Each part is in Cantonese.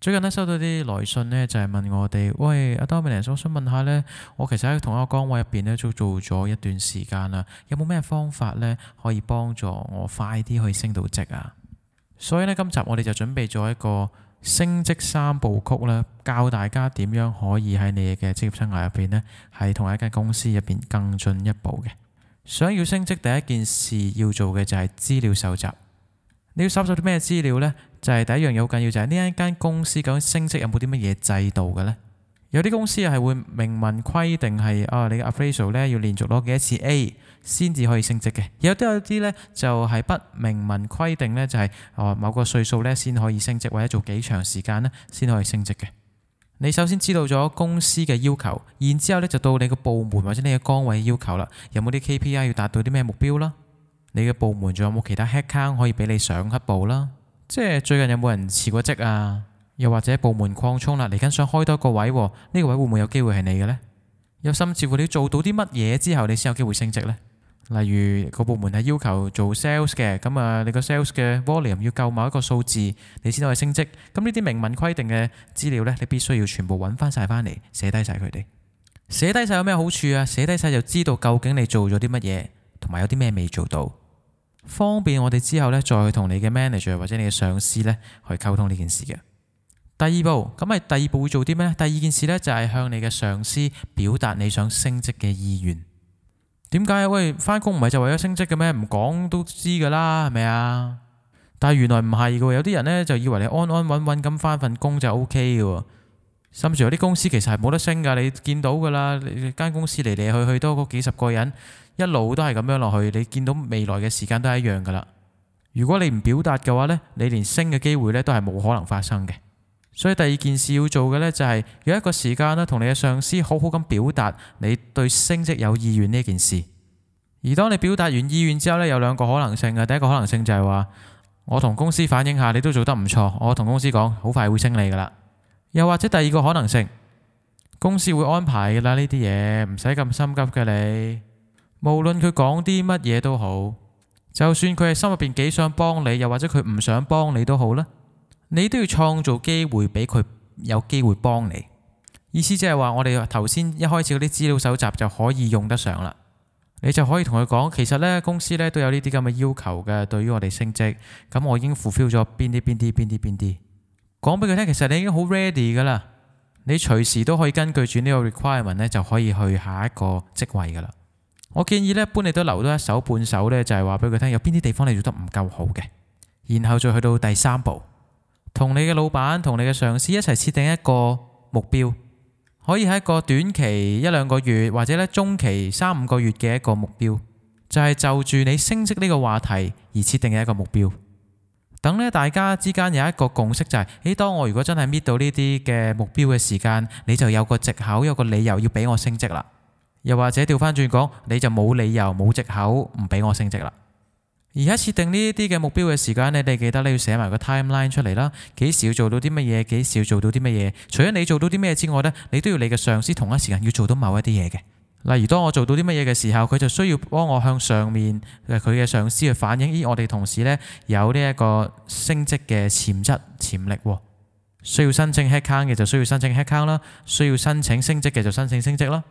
最近咧收到啲來信呢就係問我哋，喂，阿 Dominus，我想問下呢，我其實喺同一個崗位入邊咧，都做咗一段時間啦，有冇咩方法呢，可以幫助我快啲去升到職啊？所以呢，今集我哋就準備咗一個升職三步曲啦，教大家點樣可以喺你嘅職業生涯入邊呢，喺同一間公司入邊更進一步嘅。想要升職，第一件事要做嘅就係資料搜集。你要搜索啲咩資料呢？就係、是、第一樣嘢好緊要，就係呢一間公司究竟升職有冇啲乜嘢制度嘅呢？有啲公司係會明文規定係啊，你嘅 a f f a i a l appraisal 咧要連續攞幾多次 A 先至可以升職嘅。有都有啲咧就係不明文規定呢，就係啊某個歲數呢先可以升職，或者做幾長時間呢先可以升職嘅。你首先知道咗公司嘅要求，然之後咧就到你個部門或者你嘅崗位要求啦，有冇啲 KPI 要達到啲咩目標啦？你嘅部門仲有冇其他 headcount 可以俾你上一步啦？即係最近有冇人辭過職啊？又或者部門擴充啦，嚟緊想開多個位，呢個位會唔會有機會係你嘅呢？又甚至乎你做到啲乜嘢之後，你先有機會升職呢？例如個部門係要求做 sales 嘅，咁啊，你個 sales 嘅 volume 要夠某一個數字，你先可以升職。咁呢啲明文規定嘅資料呢，你必須要全部揾翻晒翻嚟，寫低晒佢哋。寫低晒有咩好處啊？寫低晒就知道究竟你做咗啲乜嘢。同埋有啲咩未做到，方便我哋之後呢，再同你嘅 manager 或者你嘅上司呢，去溝通呢件事嘅。第二步咁啊，第二步會做啲咩？第二件事呢，就係向你嘅上司表達你想升職嘅意願。點解？喂，翻工唔係就為咗升職嘅咩？唔講都知噶啦，係咪啊？但係原來唔係噶，有啲人呢，就以為你安安穩穩咁翻份工就 OK 噶。甚至有啲公司其實係冇得升㗎，你見到㗎啦。你間公司嚟嚟去去都嗰幾十個人，一路都係咁樣落去。你見到未來嘅時間都係一樣㗎啦。如果你唔表達嘅話呢，你連升嘅機會呢都係冇可能發生嘅。所以第二件事要做嘅呢，就係，就係有一個時間呢，同你嘅上司好好咁表達你對升職有意願呢件事。而當你表達完意願之後呢，有兩個可能性嘅。第一個可能性就係話我同公司反映下，你都做得唔錯，我同公司講好快會升你㗎啦。又或者第二個可能性，公司會安排㗎啦，呢啲嘢唔使咁心急嘅你。無論佢講啲乜嘢都好，就算佢係心入邊幾想幫你，又或者佢唔想幫你都好啦，你都要創造機會俾佢有機會幫你。意思即係話，我哋頭先一開始嗰啲資料搜集就可以用得上啦。你就可以同佢講，其實呢公司呢都有呢啲咁嘅要求嘅，對於我哋升職，咁我已經 fulfill 咗邊啲邊啲邊啲邊啲。講俾佢聽，其實你已經好 ready 噶啦，你隨時都可以根據住呢個 requirement 呢，就可以去下一個職位噶啦。我建議呢，一般你都留多一手半手呢，就係話俾佢聽，有邊啲地方你做得唔夠好嘅，然後再去到第三步，同你嘅老闆、同你嘅上司一齊設定一個目標，可以喺一個短期一兩個月，或者呢中期三五個月嘅一個目標，就係就住你升職呢個話題而設定嘅一個目標。等咧，大家之間有一個共識就係，誒，當我如果真係搣到呢啲嘅目標嘅時間，你就有個借口，有個理由要俾我升職啦。又或者調翻轉講，你就冇理由冇借口唔俾我升職啦。而喺設定呢啲嘅目標嘅時間咧，你記得你要寫埋個 timeline 出嚟啦。幾時要做到啲乜嘢？幾時要做到啲乜嘢？除咗你做到啲咩之外呢，你都要你嘅上司同一時間要做到某一啲嘢嘅。例如，當我做到啲乜嘢嘅時候，佢就需要幫我向上面佢嘅上司去反映，咦，我哋同事呢，有呢一個升職嘅潛質潛力喎，需要申請 headcount 嘅就需要申請 headcount 啦，需要申請升職嘅就申請升職啦。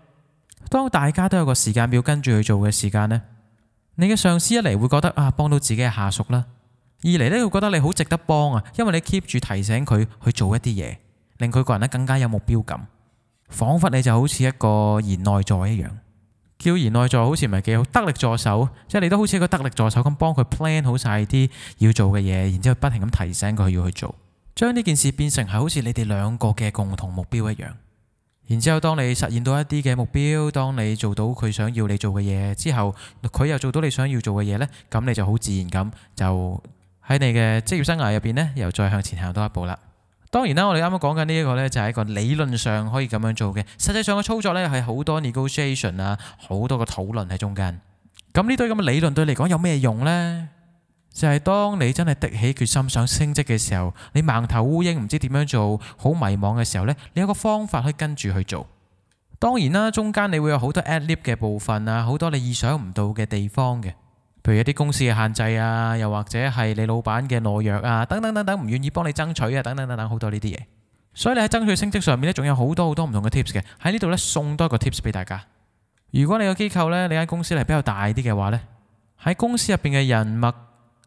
當大家都有個時間表跟住去做嘅時間呢，你嘅上司一嚟會覺得啊，幫到自己嘅下屬啦，二嚟呢會覺得你好值得幫啊，因為你 keep 住提醒佢去做一啲嘢，令佢個人咧更加有目標感。仿佛你就好似一個賢內助一樣，叫賢內助好似唔係幾好，得力助手，即係你都好似一個得力助手咁，幫佢 plan 好晒啲要做嘅嘢，然之後不停咁提醒佢要去做，將呢件事變成係好似你哋兩個嘅共同目標一樣。然之後，當你實現到一啲嘅目標，當你做到佢想要你做嘅嘢之後，佢又做到你想要做嘅嘢呢，咁你就好自然咁就喺你嘅職業生涯入邊呢，又再向前行多一步啦。當然啦，我哋啱啱講緊呢一個呢，就係一個理論上可以咁樣做嘅。實際上嘅操作呢，係好多 negotiation 啊，好多個討論喺中間。咁呢堆咁嘅理論對你嚟講有咩用呢？就係、是、當你真係滴起決心想升職嘅時候，你盲頭烏蠅唔知點樣做，好迷惘嘅時候呢，你有個方法可以跟住去做。當然啦，中間你會有好多 ad-lib 嘅部分啊，好多你意想唔到嘅地方嘅。譬如一啲公司嘅限制啊，又或者係你老闆嘅懦弱啊，等等等等，唔願意幫你爭取啊，等等等等，好多呢啲嘢。所以你喺爭取升職上面呢，仲有好多好多唔同嘅 tips 嘅。喺呢度呢，送多一個 tips 俾大家。如果你個機構呢，你間公司係比較大啲嘅話呢，喺公司入邊嘅人脈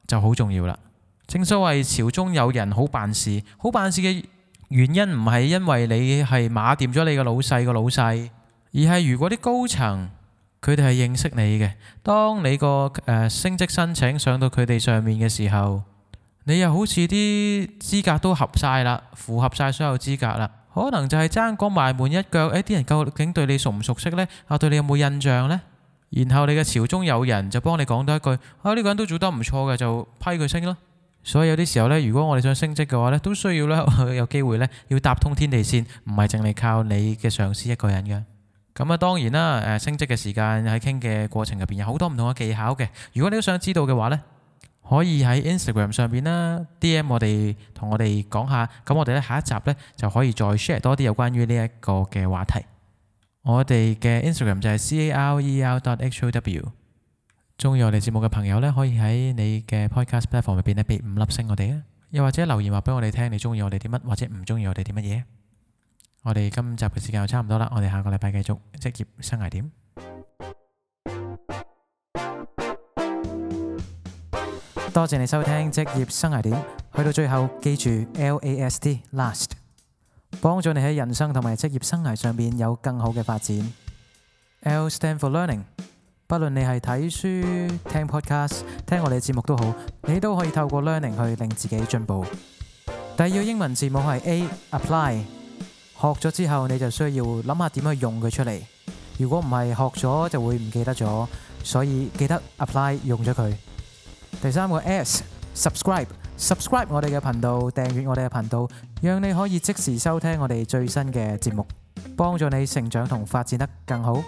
就好重要啦。正所謂朝中有人好辦事，好辦事嘅原因唔係因為你係馬掂咗你個老細個老細，而係如果啲高層。佢哋係認識你嘅，當你個誒、呃、升職申請上到佢哋上面嘅時候，你又好似啲資格都合晒啦，符合晒所有資格啦，可能就係爭個埋門一腳，誒、欸、啲人究竟對你熟唔熟悉呢？啊，對你有冇印象呢？然後你嘅朝中有人就幫你講多一句，啊呢、呢個人都做得唔錯嘅，就批佢升咯。所以有啲時候呢，如果我哋想升職嘅話呢，都需要呢， 有機會呢，要搭通天地線，唔係淨係靠你嘅上司一個人嘅。咁啊，當然啦，誒，升職嘅時間喺傾嘅過程入邊有好多唔同嘅技巧嘅。如果你都想知道嘅話呢，可以喺 Instagram 上邊啦，DM 我哋同我哋講下。咁我哋呢，下一集呢就可以再 share 多啲有關於呢一個嘅話題。我哋嘅 Instagram 就係 c a r e e r dot h o w。鍾意我哋節目嘅朋友呢，可以喺你嘅 Podcast platform 入邊呢，俾五粒星我哋啊，又或者留言話俾我哋聽，你鍾意我哋啲乜，或者唔鍾意我哋啲乜嘢。我哋今集嘅時間又差唔多啦，我哋下個禮拜繼續職業生涯點。多謝你收聽職業生涯點，去到最後記住 L A S T last，幫助你喺人生同埋職業生涯上面有更好嘅發展。L stand for learning，不論你係睇書、聽 podcast、聽我哋節目都好，你都可以透過 learning 去令自己進步。第二要英文字母係 A apply。學咗之後，你就需要諗下點樣用佢出嚟。如果唔係學咗就會唔記得咗，所以記得 apply 用咗佢。第三個 S，subscribe，subscribe 我哋嘅頻道，訂閱我哋嘅頻道，讓你可以即時收聽我哋最新嘅節目，幫助你成長同發展得更好。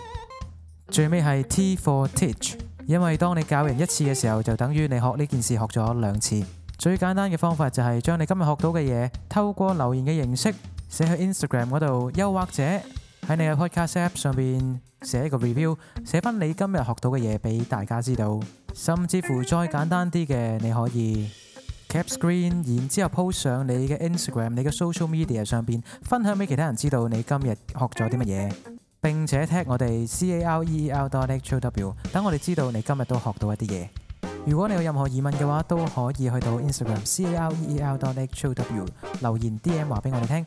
最尾係 T for Teach，因為當你教人一次嘅時候，就等於你學呢件事學咗兩次。最簡單嘅方法就係將你今日學到嘅嘢透過留言嘅形式。寫去 Instagram 嗰度，又或者喺你嘅 Podcast App 上邊寫一個 review，寫翻你今日學到嘅嘢，俾大家知道。甚至乎再簡單啲嘅，你可以 cap screen，然之後 post 上你嘅 Instagram、你嘅 social media 上邊分享俾其他人知道你今日學咗啲乜嘢，並且 tag 我哋 Career.how，等我哋知道你今日都學到一啲嘢。如果你有任何疑問嘅話，都可以去到 Instagram Career.how 留言 DM 話俾我哋聽。